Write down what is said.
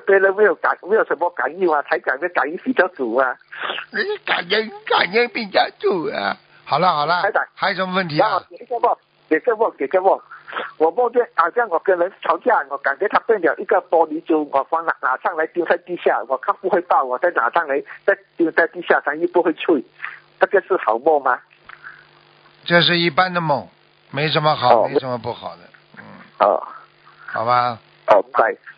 對了，沒有感，沒有什麼感應啊？才感覺感應比較足啊。你感覺感應比較足啊？好了好了，還有什麼問題啊！給個夢，給個夢，給個夢！我夢見，好、啊、像我跟人吵架，我感覺他變了一個玻璃珠，我放了拿上來丟在地下，我看不會爆，我再拿上來再丟在地下，佢又不會去，這個是好夢嗎？這是一般的夢，沒什麼好、哦，沒什麼不好的。嗯。哦，好吧。好、哦，拜。